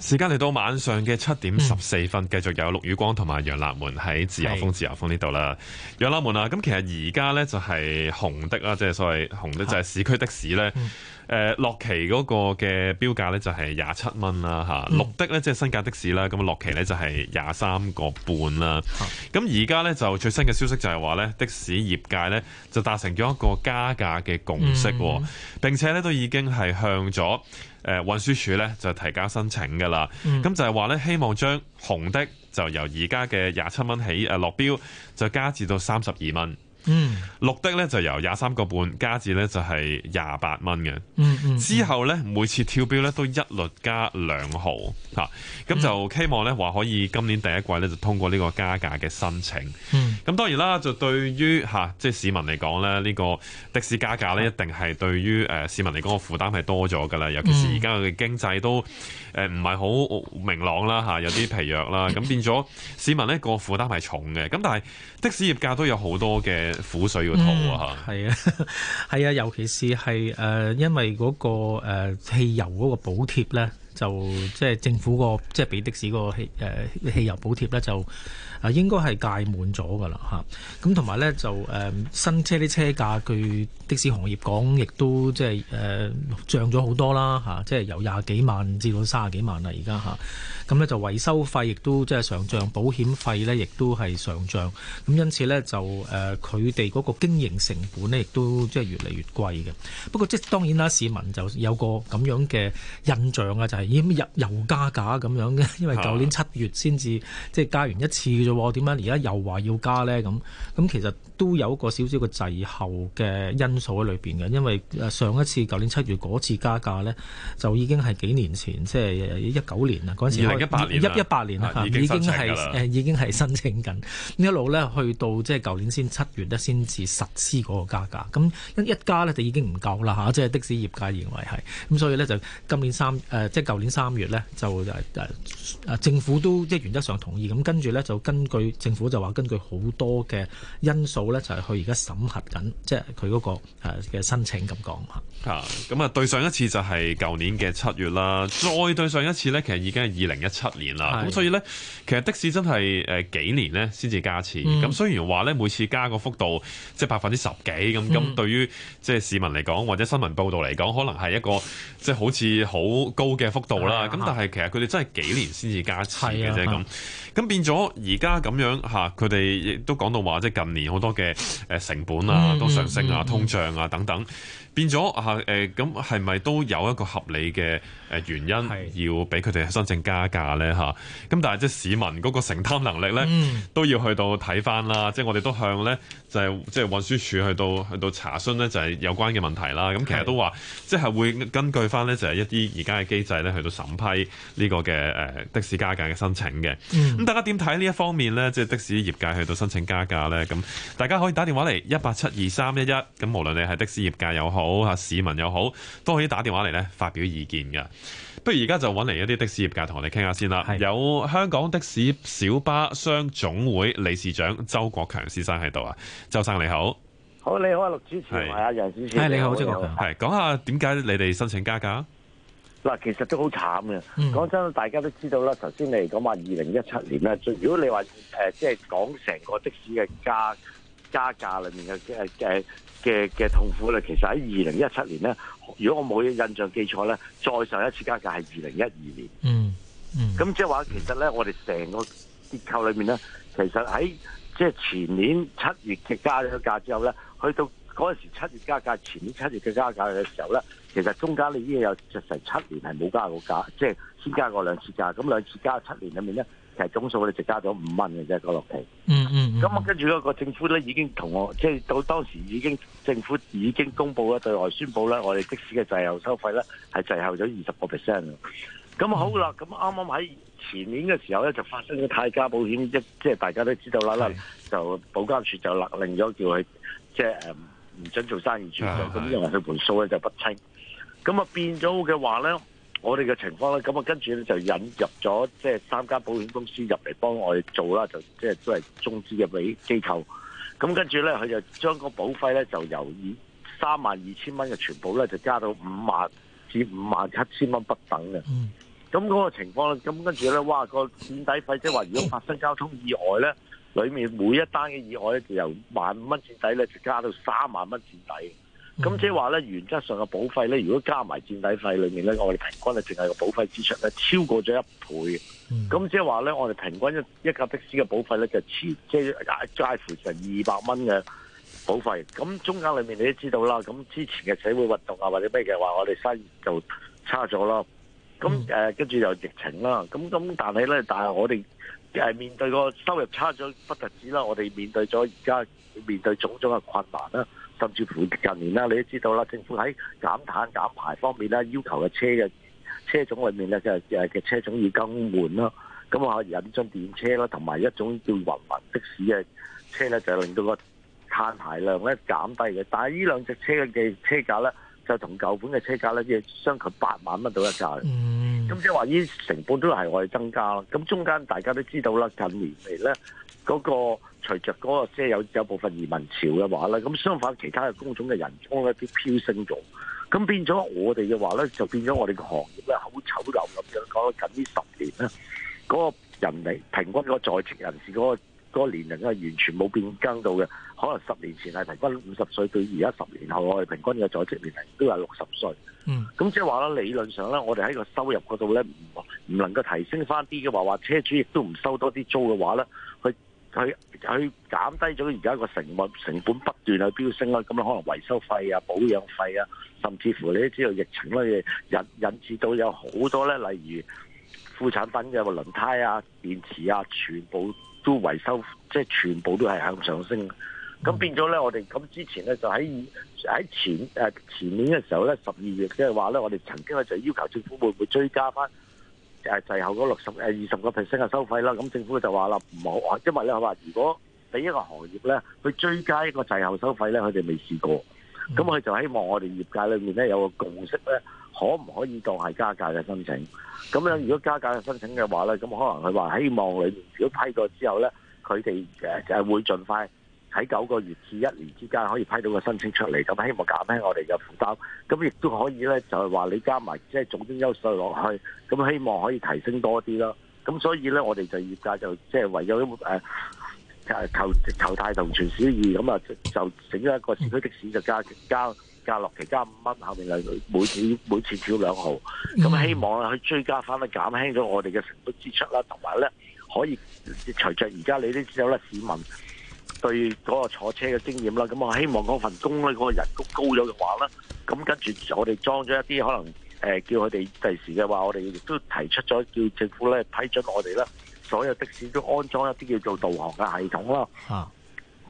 時間嚟到晚上嘅七點十四分，繼、嗯、續有陸宇光同埋楊立門喺自由風自由風呢度啦。楊立門啊，咁其實而家呢，就係、是、紅的啦，即係所謂紅的就係市區的士呢。誒，落旗嗰個嘅標價呢，就係廿七蚊啦，吓綠的呢，即係新界的士啦，咁啊落旗呢，就係廿三個半啦。咁而家呢，就最新嘅消息就係話呢，的士業界呢，就達成咗一個加價嘅共識，嗯、並且呢，都已經係向咗。誒、呃、運輸署咧就提交申請㗎啦，咁、嗯、就係話咧希望將紅的就由而家嘅廿七蚊起落、啊、錶，就加至到三十二蚊。嗯，綠的咧就由廿三個半加至咧就係廿八蚊嘅，嗯嗯，之後咧每次跳錶咧都一律加兩毫，吓、嗯、咁、啊、就希望咧話可以今年第一季咧就通過呢個加價嘅申請，咁、嗯、當然啦，就對於吓、啊、即係市民嚟講咧，呢個的士加價咧一定係對於誒、市民嚟講個負擔係多咗噶啦，尤其是而家嘅經濟都誒、唔係好明朗啦吓，有啲疲弱啦，咁變咗市民呢個負擔係重嘅，咁但係的士業界都有好多嘅。苦水個套啊，係啊，係啊，尤其是係誒、呃，因為嗰、那個誒、呃、汽油嗰個補貼咧，就即係、就是、政府、那個即係俾的士個誒、呃、汽油補貼咧，就應該是屆滿了了啊應該係屆滿咗噶啦吓，咁同埋咧就誒、呃、新車啲車價佢。的士行業講，亦都即係誒漲咗好多啦、啊、即係由廿幾萬至到三十幾萬啦而家嚇，咁、啊、咧就維修費亦都即係上漲，保險費咧亦都係上漲，咁因此咧就誒佢哋嗰個經營成本咧亦都即係越嚟越貴嘅。不過即係當然啦，市民就有個咁樣嘅印象啊，就係、是、咦，又、哎、又加價咁樣嘅，因為舊年七月先至即係加完一次啫喎，點解而家又話要加咧咁？咁其實都有個少少嘅滯後嘅因數喺裏邊嘅，因為上一次舊年七月嗰次加價咧，就已經係幾年前，即係一九年啦，嗰陣時係一八年啦，已經係誒，已經係申請緊，啊、請一路咧去到即係舊年先七月咧，先至實施嗰個加價。咁一加咧就已經唔夠啦嚇，即、啊、係、就是、的士業界認為係，咁所以咧就今年三誒、啊，即係舊年三月咧就誒誒、啊，政府都即係、就是、原則上同意。咁、啊、跟住咧就根據政府就話根據好多嘅因素咧，就係佢而家審核緊，即係佢嗰個。誒嘅申請，咁講吓，咁啊對上一次就係舊年嘅七月啦，嗯，再對上一次咧，其實已經係二零一七年啦。咁、啊、所以咧，其實的士真係誒幾年咧先至加錢。咁、嗯、雖然話咧每次加個幅度即係、就是、百分之十幾咁，咁對於即係市民嚟講或者新聞報道嚟講，可能係一個即係、就是、好似好高嘅幅度啦。咁、啊、但係其實佢哋真係幾年先至加錢嘅啫。咁咁、啊、變咗而家咁樣吓，佢哋亦都講到話，即係近年好多嘅誒成本啊都上升啊，通脹、啊。啊！等等。變咗啊！誒咁係咪都有一個合理嘅誒原因，要俾佢哋申請加價咧？嚇！咁、啊、但係即係市民嗰個承擔能力咧，嗯，都要去到睇翻啦。即、就、係、是、我哋都向咧就係即係運輸署去到去到查詢咧，就係、是、有關嘅問題啦。咁其實都話即係會根據翻咧就係一啲而家嘅機制咧去到審批呢個嘅誒的士加價嘅申請嘅。咁、嗯、大家點睇呢一方面咧？即、就、係、是、的士業界去到申請加價咧？咁大家可以打電話嚟一八七二三一一。咁無論你係的士業界又好，好啊！市民又好，都可以打電話嚟咧發表意見嘅。不如而家就揾嚟一啲的士業界同我哋傾下先啦。有香港的士小巴商總會理事長周國強先生喺度啊，周生你好，好你好啊，陸主持同埋阿楊小姐，你好，周國強，係講下點解你哋申請加價？嗱，其實都好慘嘅。講、嗯、真，大家都知道啦。頭先你講話二零一七年咧、嗯，如果你話誒，即係講成個的士嘅價。加價裏面嘅嘅嘅嘅痛苦咧，其實喺二零一七年咧，如果我冇印象記錯咧，再上一次加價係二零一二年。嗯，咁即係話其實咧，我哋成個結構裏面咧，其實喺即係前年七月嘅加咗價之後咧，去到嗰陣時七月加價，前年七月嘅加價嘅時候咧，其實中間你已經有成七年係冇加過價，即係先加過兩次價，咁兩次加七年裏面咧。係總數我哋就加咗五蚊嘅啫，嗰六期。嗯嗯，咁啊跟住咧，個政府咧已經同我，即係到當時已經政府已經公布咗對外宣布啦，我哋的士嘅滯後收費咧係滯後咗二十個 percent。咁好啦，咁啱啱喺前年嘅時候咧就發生咗泰加保險一，即係大家都知道啦啦，就保監處就勒令咗，叫佢，即係誒唔準做生意住咁，因為佢盤數咧就不清。咁啊變咗嘅話咧。我哋嘅情況咧，咁我跟住咧就引入咗即係三間保險公司入嚟幫我哋做啦，就即係都係中資嘅委機構。咁跟住咧，佢就將個保費咧就由二三萬二千蚊嘅全保咧，就加到五萬至五萬七千蚊不等嘅。咁、嗯、嗰、那個情況咧，咁跟住咧，哇個墊底費，即係話如果發生交通意外咧，裏面每一單嘅意外咧，就由萬五蚊墊底咧，就加到三萬蚊墊底。咁即係話咧，原則上嘅保費咧，如果加埋墊底費裏面咧，我哋平均咧，淨係個保費支出咧，超過咗一倍。咁即係話咧，我哋平均一一架的士嘅保費咧，就超即係介乎就二百蚊嘅保費。咁中間裏面你都知道啦，咁之前嘅社會運動啊，或者咩嘅話，我哋生意就差咗啦，咁誒，跟住又疫情啦，咁咁但係咧，但係我哋誒面對個收入差咗，不特止啦，我哋面對咗而家面對種種嘅困難啦。甚至乎近年啦，你都知道啦，政府喺減碳減排方面啦，要求嘅車嘅車種裏面咧就誒嘅車種要更換啦，咁啊有啲將電車啦，同埋一種叫雲雲的士嘅車咧，就令到個碳排量咧減低嘅。但係呢兩隻車嘅車價咧，就同舊款嘅車價咧，即係相近八萬蚊到、mm. 一價咁即係話呢，成本都係我哋增加咯。咁中間大家都知道啦，近年嚟咧。嗰、嗰個隨着嗰個即係有有部分移民潮嘅話咧，咁相反其他嘅工種嘅人工咧都飆升咗，咁變咗我哋嘅話咧，就變咗我哋個行業咧好醜陋咁樣。講緊呢十年咧，嗰、那個人嚟平均嗰個在職人士嗰個、嗰個年齡咧係完全冇變更到嘅，可能十年前係平均五十歲，到而家十年後我哋平均嘅在職年齡都係六十歲。咁、嗯、即係話咧理論上咧，我哋喺個收入嗰度咧唔唔能夠提升翻啲嘅話，話車主亦都唔收多啲租嘅話咧。佢佢減低咗而家個成本成本不斷去飆升啦，咁可能維修費啊、保養費啊，甚至乎你都知道疫情咧引引致到有好多咧，例如副產品嘅個輪胎啊、電池啊，全部都維修，即係全部都係向上升。咁變咗咧，我哋咁之前咧就喺喺前誒前年嘅時候咧，十二月即係話咧，我哋曾經咧就要求政府會唔會追加翻。誒，滯後嗰，六十誒二十個 percent 嘅收費啦，咁政府就話啦唔好，因為咧我話如果俾一個行業咧去追加一個滯後收費咧，佢哋未試過，咁佢就希望我哋業界裏面咧有個共識咧，可唔可以當係加價嘅申請？咁樣，如果加價嘅申請嘅話咧，咁可能佢話希望裏面如果批過之後咧，佢哋誒會盡快。喺九個月至一年之間可以批到個申請出嚟，咁希望減輕我哋嘅負擔，咁亦都可以咧，就係話你加埋即係總經優勢落去，咁希望可以提升多啲咯。咁所以咧，我哋就業界就即係唯有誒求求大同存小異咁啊，就整咗一個市區的士就加加加落期加五蚊，後面係每次每次跳兩毫，咁希望去追加翻去減輕咗我哋嘅成本支出啦，同埋咧可以隨着而家你啲有啦市民，對嗰個坐車嘅經驗啦，咁我希望嗰份工咧嗰個人工高咗嘅話啦咁跟住我哋裝咗一啲可能誒，叫佢哋第時嘅話，我哋亦都提出咗叫政府咧批准我哋咧，所有的士都安裝一啲叫做導航嘅系統咯、啊，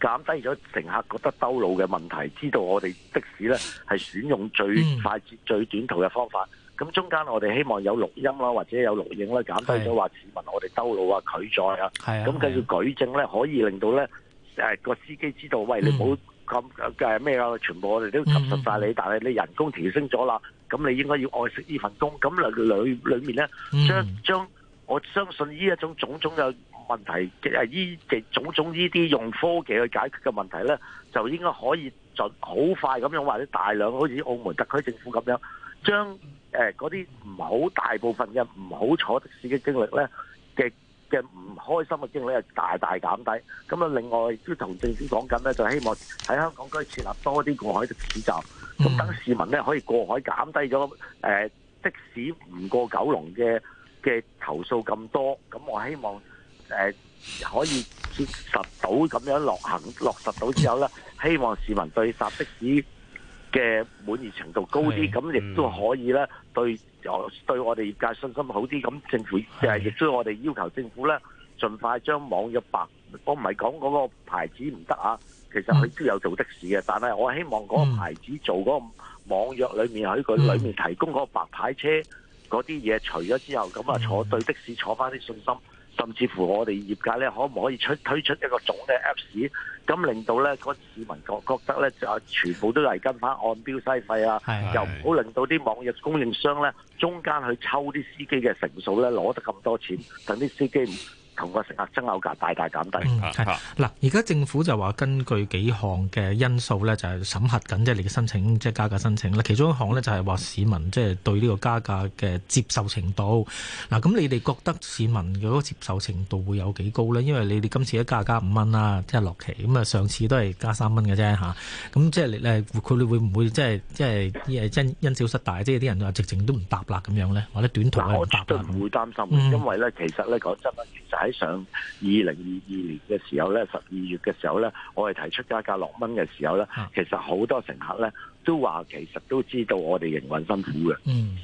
減低咗乘客覺得兜路嘅問題，知道我哋的士咧係選用最快捷、嗯、最短途嘅方法。咁中間我哋希望有錄音啦，或者有錄影啦，減低咗話市民我哋兜路啊拒載啊，咁繼續舉證咧可以令到咧。.誒個司機知道，喂，你唔好咁誒咩呀？全部我哋都吸收晒你，嗯、但係你人工提升咗啦，咁你應該要愛惜呢份工。咁裏裏面咧，將將我相信呢一種種種嘅問題嘅依嘅種種呢啲用科技去解決嘅問題咧，就應該可以盡好快咁樣或者大量，好似澳門特區政府咁樣，將誒嗰啲唔係好大部分嘅唔係好坐的士嘅經歷咧嘅。嘅唔開心嘅經歷又大大減低，咁啊另外都同政府講緊呢，就希望喺香港可以設立多啲過海的士站，咁等市民呢，可以過海減低咗誒的士唔過九龍嘅嘅投訴咁多，咁我希望誒、呃、可以設實到咁樣落行落實到之後呢，希望市民對搭的士。嘅滿意程度高啲，咁亦都可以啦。對我對我哋業界信心好啲，咁政府就係亦都我哋要求政府咧，盡快將網約白，我唔係講嗰個牌子唔得啊，其實佢都有做的士嘅，但係我希望嗰個牌子做嗰個網約裡面喺佢裏面提供嗰個白牌車嗰啲嘢，除咗之後，咁啊坐對的士坐返啲信心。甚至乎我哋業界咧，可唔可以出推出一個總嘅 Apps 咁，令到咧嗰市民覺覺得咧就全部都嚟跟翻按錶收費啊，又唔好令到啲網約供應商咧中間去抽啲司機嘅成數咧攞得咁多錢等啲司機。同個乘客爭拗價大大減低。嗱、嗯，而家政府就話根據幾項嘅因素咧，就係審核緊即係你嘅申請，即係加價申請。嗱，其中一項咧就係話市民即係對呢個加價嘅接受程度。嗱，咁你哋覺得市民嘅嗰個接受程度會有幾高咧？因為你哋今次一加價加五蚊啦，即係落期。咁啊，上次都係加三蚊嘅啫嚇。咁即係你佢你會唔會即係即係因因小失大？即係啲人話直情都唔搭啦咁樣咧，或者短途 e r 唔搭嘅。我都唔會擔心，嗯、因為咧其實咧講真上二零二二年嘅時候咧，十二月嘅時候咧，我哋提出加價六蚊嘅時候咧、啊，其實好多乘客咧都話，其實都知道我哋營運辛苦嘅。嗯，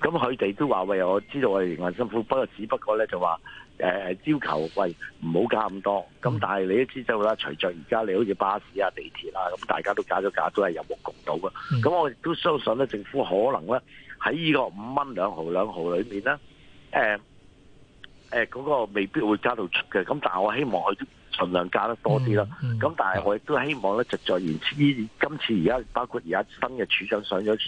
咁佢哋都話，喂，我知道我哋營運辛苦，不過只不過咧就話，誒、呃，要求喂唔好加咁多。咁、嗯、但係你都知道啦，隨着而家你好似巴士啊、地鐵啦、啊，咁大家都加咗價，都係有目共睹嘅。咁、嗯、我亦都相信咧，政府可能咧喺呢個五蚊兩毫兩毫裏面咧，呃誒、那、嗰、個、未必會加到出嘅，咁但係我希望佢都盡量加得多啲啦。咁、嗯嗯、但係我亦都希望咧，直在言，依今次而家包括而家新嘅處長上咗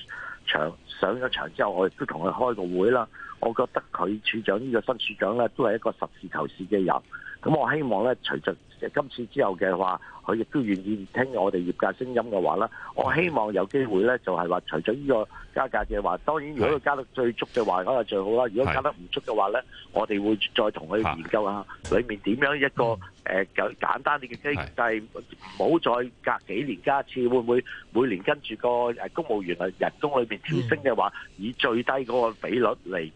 場，上咗場之後，我亦都同佢開個會啦。我覺得佢處長呢、呢個新處長咧，都係一個實事求是嘅人。咁我希望咧，隨着。今次之後嘅話，佢亦都願意聽我哋業界聲音嘅話咧。我希望有機會咧，就係話除咗呢個加價嘅話，當然如果佢加得最足嘅話，咁就最好啦。如果加得唔足嘅話咧，我哋會再同佢研究下裏面點樣一個誒簡、呃、簡單啲嘅機制，唔好再隔幾年加一次，會唔會每年跟住個公務員嘅人工裏邊跳升嘅話，的以最低嗰個比率嚟。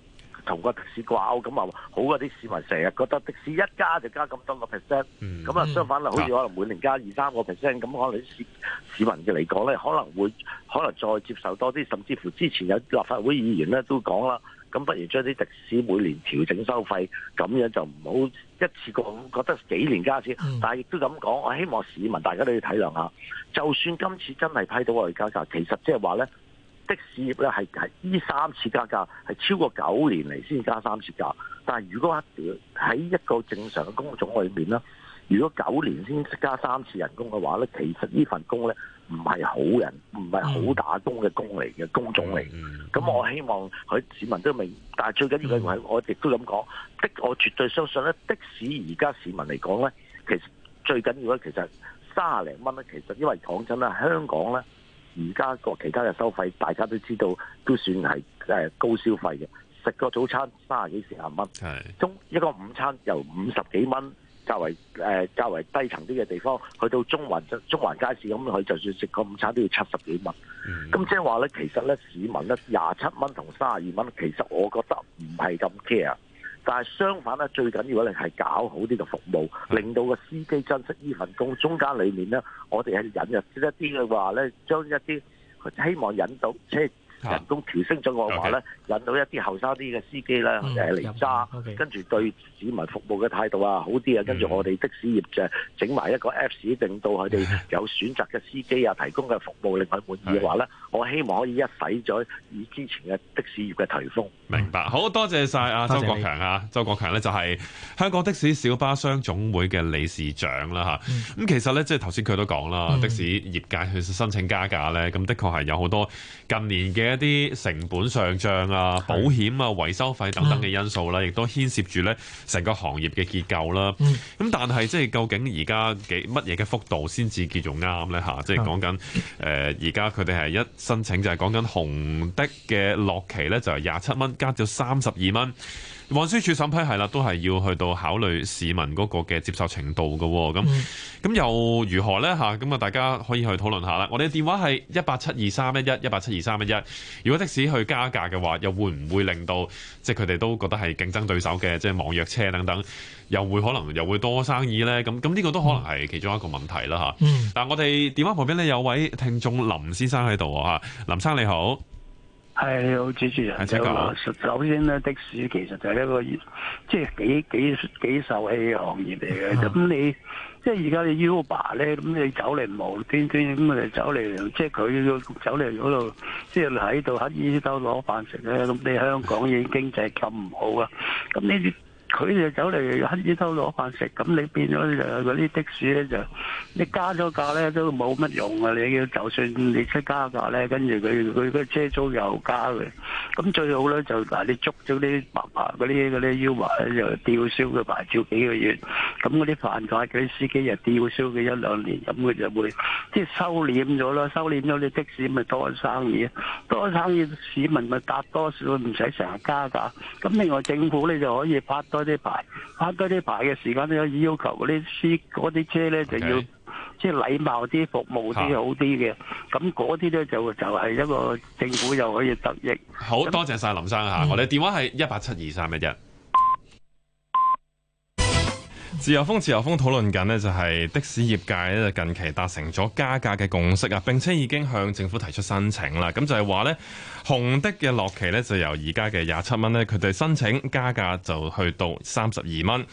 同個的士掛鈎咁話好啊！啲市民成日覺得的士一加就加咁多個 percent，咁啊相反啦、嗯、好似可能每年加二三個 percent，咁可能啲市市民嘅嚟講咧，可能會可能再接受多啲，甚至乎之前有立法會議員咧都講啦，咁不如將啲的士每年調整收費，咁樣就唔好一次過咁覺得幾年加錢，但係亦都咁講，我希望市民大家都要體諒下，就算今次真係批到我哋加價，其實即係話咧。的士業咧係係呢三次加價係超過九年嚟先加三次加價，但係如果喺一個正常嘅工種裏面咧，如果九年先加三次人工嘅話咧，其實呢份工咧唔係好人唔係好打工嘅工嚟嘅、嗯、工種嚟。咁、嗯、我希望佢市民都明，但係最緊要嘅係我亦都咁講的，我絕對相信咧的士而家市民嚟講咧，其實最緊要咧其實三十零蚊咧，其實因為講真啦，香港咧。而家個其他嘅收費，大家都知道都算係誒高消費嘅。食個早餐三十幾、四十蚊，中一個午餐由五十幾蚊，較為誒、呃、較為低層啲嘅地方，去到中環、中環街市咁，佢就算食個午餐都要七十幾蚊。咁即係話咧，其實咧市民咧，廿七蚊同三十二蚊，其實我覺得唔係咁 care。但係相反咧，最緊要咧係搞好呢個服務，令到個司機珍惜呢份工。中間裏面咧，我哋係引入一啲嘅話咧，將一啲希望引到車。人工調升咗嘅話，咧，引到一啲後生啲嘅司機咧誒嚟揸，跟、嗯、住對市民服務嘅態度啊好啲啊，跟、嗯、住我哋的士業就整埋一個 Apps，令到佢哋有選擇嘅司機啊，提供嘅服務令佢滿意嘅話咧、嗯，我希望可以一洗咗以之前嘅的，的士業嘅提風，明白，好多謝晒啊，周國強啊，周國強呢就係香港的士小巴商總會嘅理事長啦吓。咁、嗯、其實咧，即係頭先佢都講啦，的士業界去申請加價咧，咁的確係有好多近年嘅。一啲成本上漲啊、保險啊、維修費等等嘅因素啦、啊，亦都牽涉住咧成個行業嘅結構啦、啊。咁但係即係究竟而家幾乜嘢嘅幅度先至叫做啱咧？嚇，即係講緊誒，而家佢哋係一申請就係講緊紅的嘅落旗咧，就係廿七蚊加咗三十二蚊。運輸署審批係啦，都係要去到考慮市民嗰個嘅接受程度嘅，咁咁又如何呢？吓咁啊，大家可以去討論下啦。我哋嘅電話係一八七二三一一一八七二三一一。如果的士去加價嘅話，又會唔會令到即係佢哋都覺得係競爭對手嘅，即係網約車等等，又會可能又會多生意呢？咁咁呢個都可能係其中一個問題啦，吓、嗯。但我哋電話旁邊呢，有位聽眾林先生喺度喎。林生你好。係，你好主持人。首先咧，的士其實就係一個即係幾幾幾受氣嘅行業嚟嘅。咁、啊嗯、你即係而家你 Uber 咧，咁、嗯、你走嚟無端端咁啊走嚟，即係佢走嚟嗰度，即係喺度乞衣兜攞飯食咧。咁、嗯、你香港已經經濟咁唔好啊，咁、嗯、你？佢哋走嚟乞兒偷攞飯食，咁你變咗就嗰啲的士咧就，你加咗價咧都冇乜用啊！你要就算你出加價咧，跟住佢佢個車租又加嘅，咁最好咧就嗱你捉咗啲白牌嗰啲嗰啲 Uber 就吊銷佢牌照幾個月，咁嗰啲犯法佢啲司機又吊銷佢一兩年，咁佢就會即係、就是、收斂咗囉。收斂咗啲的，的士咪多生意，多生意市民咪搭多少唔使成日加價，咁另外政府咧就可以拍。多啲牌，多啲牌嘅時間都有要求，嗰啲司啲車咧就要、okay. 即係禮貌啲、服務啲好啲嘅。咁嗰啲咧就就係、是、一個政府又可以得益。 好多謝晒林生嚇、嗯，我哋電話係一八七二三一一。自由風，自由風討論緊呢， 就係、是、的士業界呢，近期達成咗加價嘅共識啊，並且已經向政府提出申請啦。咁就係話呢，紅的嘅落期呢，就由而家嘅廿七蚊呢，佢哋申請加價就去到三十二蚊。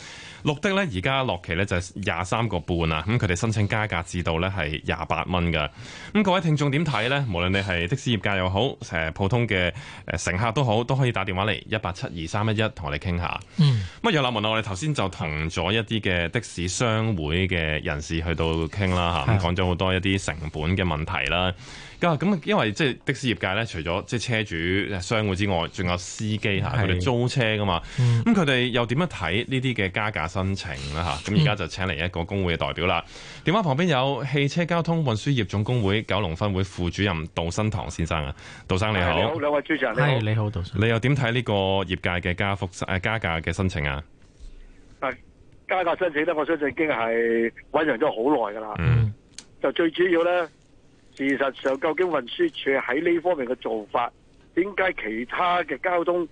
綠的呢，而家落期呢，就係廿三個半啊，咁佢哋申請加價至到呢，係廿八蚊㗎。咁各位聽眾點睇呢？無論你係的士業界又好，誒普通嘅誒乘客都好，都可以打電話嚟一八七二三一一同我哋傾下。嗯。乜有諗文啊？我哋頭先就同咗一點啲嘅的士商會嘅人士去到傾啦吓，講咗好多一啲成本嘅問題啦。咁咁，因為即係的士業界咧，除咗即係車主商會之外，仲有司機吓，佢哋租車噶嘛。咁佢哋又點樣睇呢啲嘅加價申請啦吓？咁而家就請嚟一個工會嘅代表啦。電話旁邊有汽車交通運輸業總工會九龍分會副主任杜燊棠先生啊，杜生你好。你好，兩位主持人，係你，你好，杜生。你又點睇呢個業界嘅加幅誒加價嘅申請啊？係。加價申請咧，我相信已經係醞釀咗好耐噶啦。Mm. 就最主要咧，事實上究竟運輸署喺呢方面嘅做法，點解其他嘅交通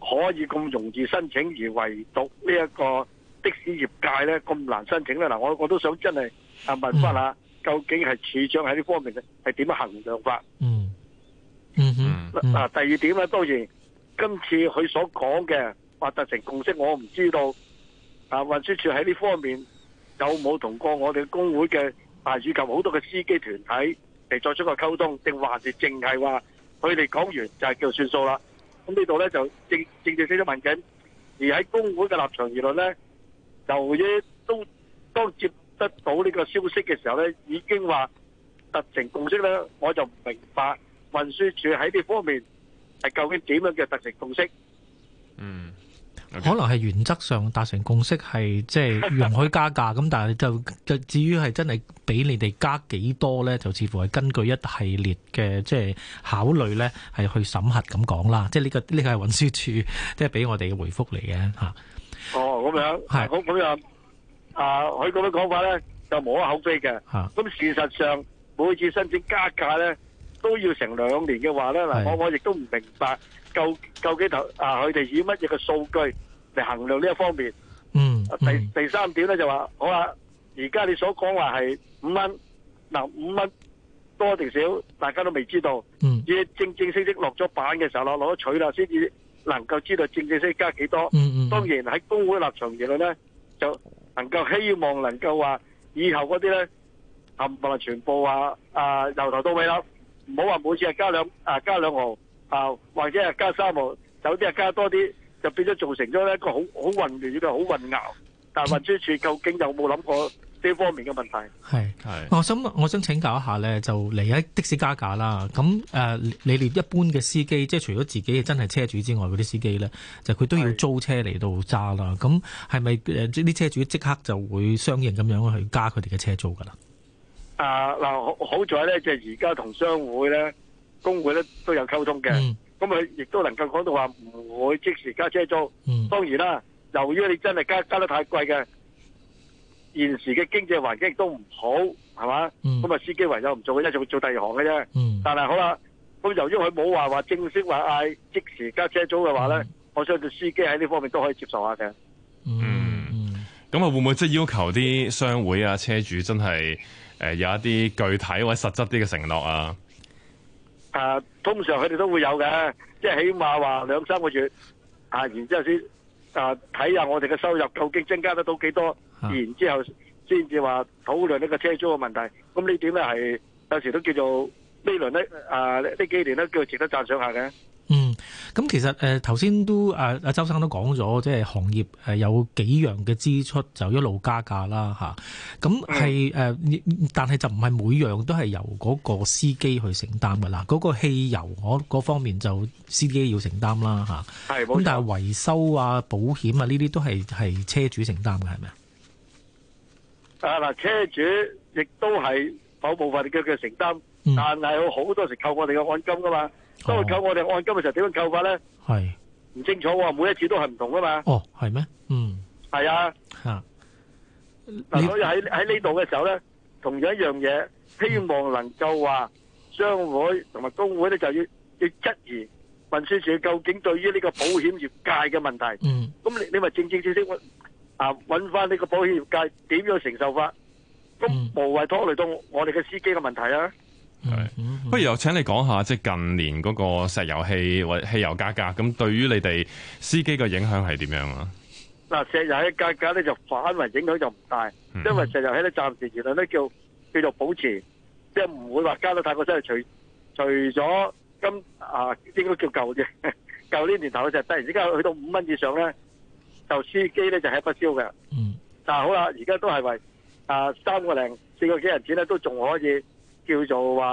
可以咁容易申請，而唯獨呢一個的士業界咧咁難申請咧？嗱，我我都想真係啊問翻下，究竟係署長喺呢方面咧係點樣衡量法？嗯嗯，嗱，第二點咧，當然今次佢所講嘅話達成共識，我唔知道。啊！運輸處喺呢方面有冇同過我哋工會嘅啊，以及好多嘅司機團體嚟，作出個溝通，定話是淨係話佢哋講完就係叫算數啦？咁呢度咧就正正正性咗問緊，而喺工會嘅立場言論咧，由於都當接得到呢個消息嘅時候咧，已經話達成共識咧，我就唔明白運輸處喺呢方面係究竟點樣嘅達成共識？Okay. 可能係原則上達成共識係，係即係容許加價咁， 但係就就至於係真係俾你哋加幾多咧，就似乎係根據一系列嘅即係考慮咧，係去審核咁講啦。即係呢個呢、呢個係運輸署即係俾我哋嘅回覆嚟嘅嚇。哦，咁樣係，咁咁又啊，佢咁樣講、啊、法咧就無可厚非嘅。咁事實上每次申請加價咧，都要成兩年嘅話咧，嗱，我我亦都唔明白究，究竟究竟頭啊，佢哋以乜嘢嘅數據嚟衡量呢一方面？嗯，嗯啊、第第三點咧就話，好啦，而家你所講話係五蚊，嗱五蚊多定少，大家都未知道。嗯，要正正式式落咗板嘅時候，攞咗取啦，先至能夠知道正正式加幾多。嗯嗯。當然喺高會立場嚟講咧，就能夠希望能夠話以後嗰啲咧冚唪唥全部話啊由頭到尾啦。唔好話每次啊啊加兩啊加兩毫啊，或者啊加三毫，有啲啊加多啲，就變咗造成咗一個好好混亂嘅好混淆，但係運輸署究竟有冇諗過呢方面嘅問題？係係，我想我想請教一下咧，就嚟喺的士加價啦。咁誒、呃，你哋一般嘅司機，即係除咗自己真係車主之外，嗰啲司機咧，就佢都要租車嚟到揸啦。咁係咪誒，啲車主即刻就會相應咁樣去加佢哋嘅車租噶啦？啊、呃、嗱，好在咧，即係而家同商會咧、工會咧都有溝通嘅，咁、嗯、佢亦都能夠講到話唔會即時加車租。嗯、當然啦，由於你真係加加得太貴嘅，現時嘅經濟環境亦都唔好，係嘛？咁、嗯、啊，司機唯有唔做，嘅，一做做第二行嘅啫。但係好啦，咁由於佢冇話話正式話嗌即時加車租嘅話咧、嗯，我相信司機喺呢方面都可以接受下嘅。嗯、咁、嗯、啊會唔會即係要求啲商會啊車主真係？誒，有一啲具體或者實質啲嘅承諾啊！啊，通常佢哋都會有嘅，即係起碼話兩三個月，啊，然之後先啊睇下我哋嘅收入究竟增加得到幾多，然之後先至話討論呢個車租嘅問題。咁呢點咧係有時都叫做這呢輪咧啊呢幾年都叫做值得讚賞下嘅。咁其實誒頭先都誒阿周生都講咗，即係行業誒有幾樣嘅支出就一路加價啦，咁係誒，但係就唔係每樣都係由嗰個司機去承擔嘅啦。嗰、那個汽油我嗰方面就司 a 要承擔啦，咁但係維修啊、保險啊呢啲都係係車主承擔嘅係咪啊？啊嗱，車主亦都係某部分嘅嘅承擔。嗯、但係佢好多時扣我哋嘅按金噶嘛，當、哦、佢扣我哋按金嘅時候點樣扣法咧？係唔清楚、哦，每一次都係唔同噶嘛。哦，係咩？嗯，係啊。吓，嗱，所以喺喺呢度嘅時候咧，同樣一樣嘢、嗯，希望能夠話商會同埋工會咧就要要質疑，運輸署究竟對於呢個保險業界嘅問題。嗯，咁你你咪正正正式啊，揾翻呢個保險業界點樣承受法，都無謂拖累到我哋嘅司機嘅問題啊！係，不如又請你講下即係近年嗰個石油氣或汽油價格咁，對於你哋司機嘅影響係點樣啊？但石油氣價格咧就反為影響就唔大，因為石油氣咧暫時原來咧叫叫做保持，即係唔會話加得太過犀利。除除咗今啊應該叫舊啫，舊 呢年頭嘅石油突然之間去到五蚊以上咧，就司機咧就吃不消嘅。嗯，但係好啦，而家都係為啊三、呃、個零四個幾人錢咧都仲可以。叫做話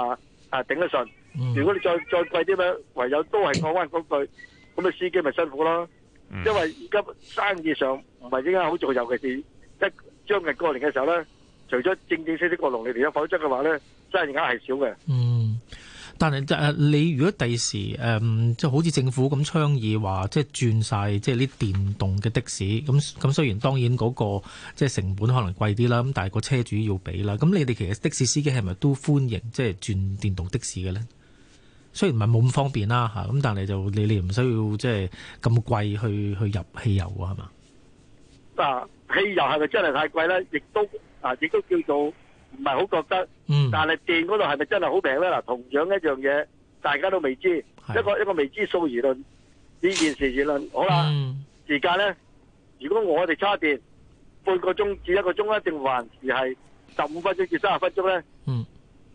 啊頂、啊、得順、嗯，如果你再再貴啲咧，唯有都係講返嗰句，咁啊 司機咪辛苦咯，因為而家生意上唔係應該好做，尤其是一將近過年嘅時候咧，除咗正正式式過農曆年，否則嘅話咧，生意額係少嘅。嗯但係你如果第時誒，即係好似政府咁倡議話，即係轉晒即係啲電動嘅的，的士，咁咁雖然當然嗰、嗰個即係成本可能貴啲啦，咁但係個車主要俾啦。咁你哋其實的士司機係咪都歡迎即係轉電動的士嘅咧？雖然唔係冇咁方便啦咁、啊、但係就你哋唔需要即係咁貴去去入汽油係嘛？啊，汽油係咪真係太貴咧？亦都啊，亦都叫做。唔係好覺得，嗯、但係電嗰度係咪真係好平咧？嗱，同樣一樣嘢，大家都未知，一個一個未知數而論呢件事而論，好啦、嗯，時間咧，如果我哋差電半個鐘至一個鐘一定還而係十五分鐘至三十分鐘咧？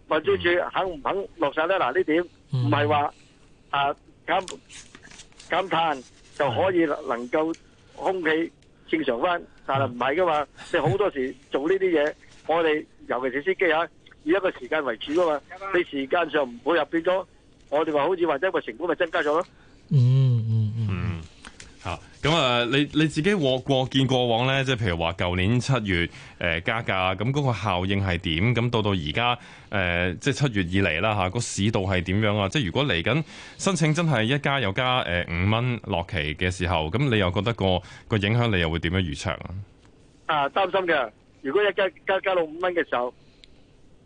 運輸處，肯唔肯落晒咧？嗱呢點唔係話啊減減碳就可以能夠空氣正常翻、嗯，但係唔係噶嘛？你好多時做呢啲嘢。我哋尤其是司機吓，以一個時間為主噶嘛，你時間上唔好入變咗，我哋話好似或者個成本咪增加咗咯。嗯嗯嗯，吓、嗯、咁啊，你你自己過過見過往咧，即係譬如話舊年七月誒、呃、加價，咁、那、嗰個效應係點？咁到到而家誒，即係七月以嚟啦吓，個、啊、市道係點樣啊？即係如果嚟緊申請真係一加又加誒五蚊落旗嘅時候，咁你又覺得、那個、那個影響你又會點樣預測啊？啊，擔心嘅。如果一加加加到五蚊嘅時候，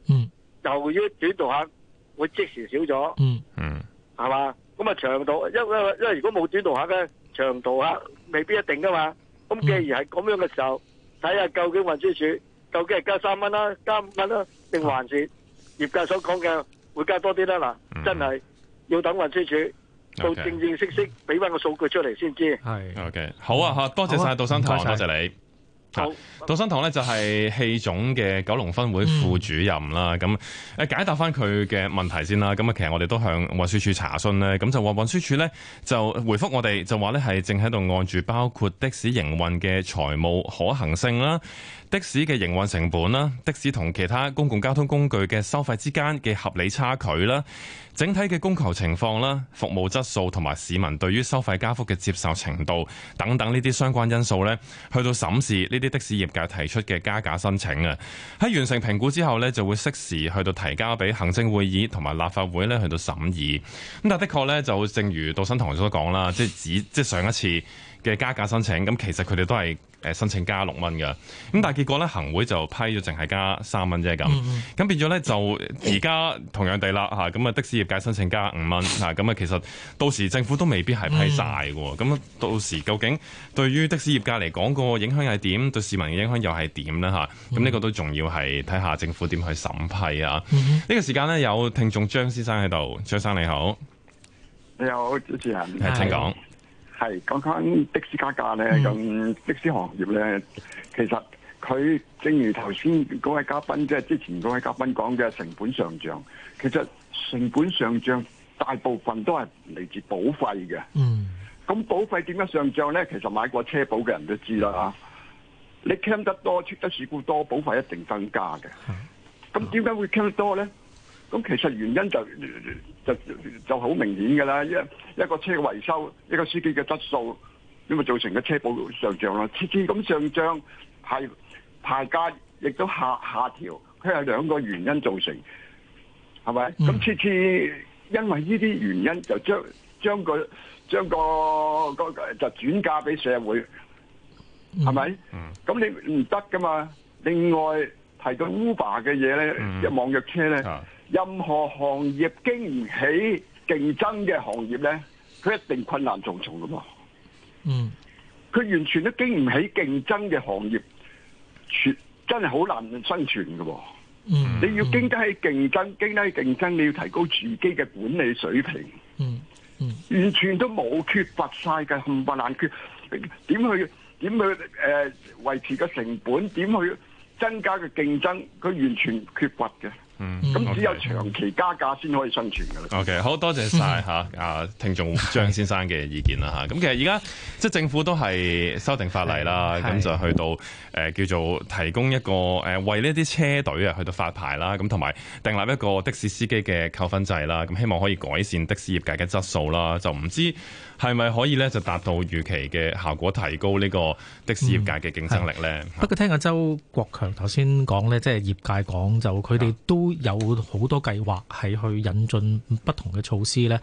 嗯，就要短途客會即時少咗，嗯，嗯，係嘛？咁啊長途，因因因為如果冇短途客嘅，長途客未必一定噶嘛。咁既然係咁樣嘅時候，睇下究竟運輸署究竟係加三蚊啦，加五蚊啦，定還是、嗯、業界所講嘅會加多啲啦？嗱、嗯，真係要等運輸署到正正式式俾翻個數據出嚟先知。係 okay.，OK，好啊吓，多、啊、謝晒杜燊棠，多、啊、謝，謝你。好，杜燊棠咧，就係汽總嘅九龍分會副主任啦，咁、嗯、誒，解答翻佢嘅問題先啦。咁啊，其實我哋都向運輸署查詢啦，咁就話運輸署咧，就回複我哋，就話咧，係正喺度按住包括的士營運嘅財務可行性啦。的士嘅營運成本啦，的士同其他公共交通工具嘅收費之間嘅合理差距啦，整體嘅供求情況啦，服務質素同埋市民對於收費加幅嘅接受程度等等呢啲相關因素呢，去到審視呢啲的士業界提出嘅加價申請啊，喺完成評估之後呢，就會適時去到提交俾行政會議同埋立法會呢去到審議。咁但係的確呢，就正如杜燊棠所講啦，即係只即係上一次嘅加價申請，咁其實佢哋都係誒申請加六蚊嘅，咁但係結果咧行會就批咗淨係加三蚊啫，咁、mm、咁 -hmm. 變咗咧就而家同樣地啦吓，咁、mm、啊 -hmm. 的士業界申請加五蚊吓，咁啊其實到時政府都未必係批晒喎。咁、mm -hmm. 到時究竟對於的士業界嚟講、個影響係點，對市民嘅影響又係點呢？吓？咁呢個都仲要係睇下政府點去審批啊。呢、mm -hmm. 個時間呢，有聽眾張先生喺度，張生你好，你好主持人，係請講。係講緊的士加價咧，咁的士行業咧、嗯，其實佢正如頭先嗰位嘉賓，即係之前嗰位嘉賓講嘅成本上漲。其實成本上漲大部分都係嚟自保費嘅。嗯，咁保費點樣上漲咧？其實買過車保嘅人都知啦嚇、嗯。你傾得多，出得事故多，保費一定增加嘅。咁點解會傾得多咧？咁其實原因就就就好明顯㗎啦，因為一個個車嘅維修，一個司機嘅質素，因為造成嘅車保上漲啦，次次咁上漲，牌排，排價亦都下下調，佢係兩個原因造成，係咪？咁、嗯、次次因為呢啲原因就將將個將個個就轉嫁俾社會，係咪？咁、嗯、你唔得噶嘛？另外提到 Uber 嘅嘢咧，一、嗯、網約車咧。嗯任何行業經唔起競爭嘅行業呢，佢一定困難重重噶嘛。嗯，佢完全都經唔起競爭嘅行業，全，真係好難生存噶，嗯嗯。你要經得起競爭，經得起競爭，你要提高自己嘅管理水平。嗯，嗯完全都冇缺乏晒嘅冚唪唥缺，點去點去維、呃、持個成本？點去增加個競爭？佢完全缺乏嘅。嗯，咁只有長期加價先可以生存噶啦。OK，好多謝晒吓啊，聽眾張先生嘅意見啦吓。咁 其實而家即係政府都係修訂法例啦，咁 就去到誒、呃、叫做提供一個誒、呃、為呢啲車隊啊去到發牌啦，咁同埋訂立一個的士司機嘅扣分制啦，咁希望可以改善的士業界嘅質素啦。就唔知。係咪可以咧就達到預期嘅效果，提高呢個的士業界嘅競爭力咧？不、嗯、過聽阿周國強頭先講咧，即、就、係、是、業界講就佢哋都有好多計劃係去引進不同嘅措施咧，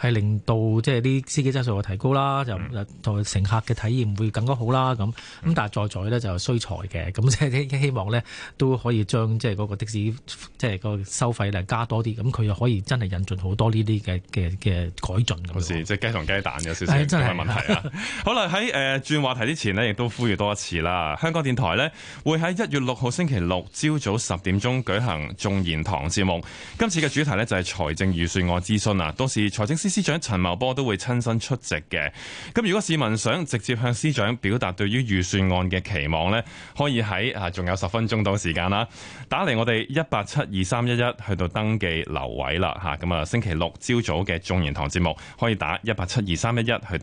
係令到即係啲司機質素嘅提高啦，就同乘客嘅體驗會更加好啦咁。咁、嗯、但係在再咧就衰財嘅，咁即係希望咧都可以將即係嗰個的士即係、就是、個收費量加多啲，咁佢又可以真係引進好多呢啲嘅嘅嘅改進咁。好似即係雞同雞蛋。雞蛋有少少問題啊！ 好啦，喺誒、呃、轉話題之前呢亦都呼籲多一次啦。香港電台呢會喺一月六號星期六朝早十點鐘舉行眾言堂節目。今次嘅主題呢，就係財政預算案諮詢啊！到時財政司司長陳茂波都會親身出席嘅。咁如果市民想直接向司長表達對於預算案嘅期望呢，可以喺啊仲有十分鐘多時間啦，打嚟我哋一八七二三一一去到登記留位啦嚇。咁啊，星期六朝早嘅眾言堂節目可以打一八七二三三一一去。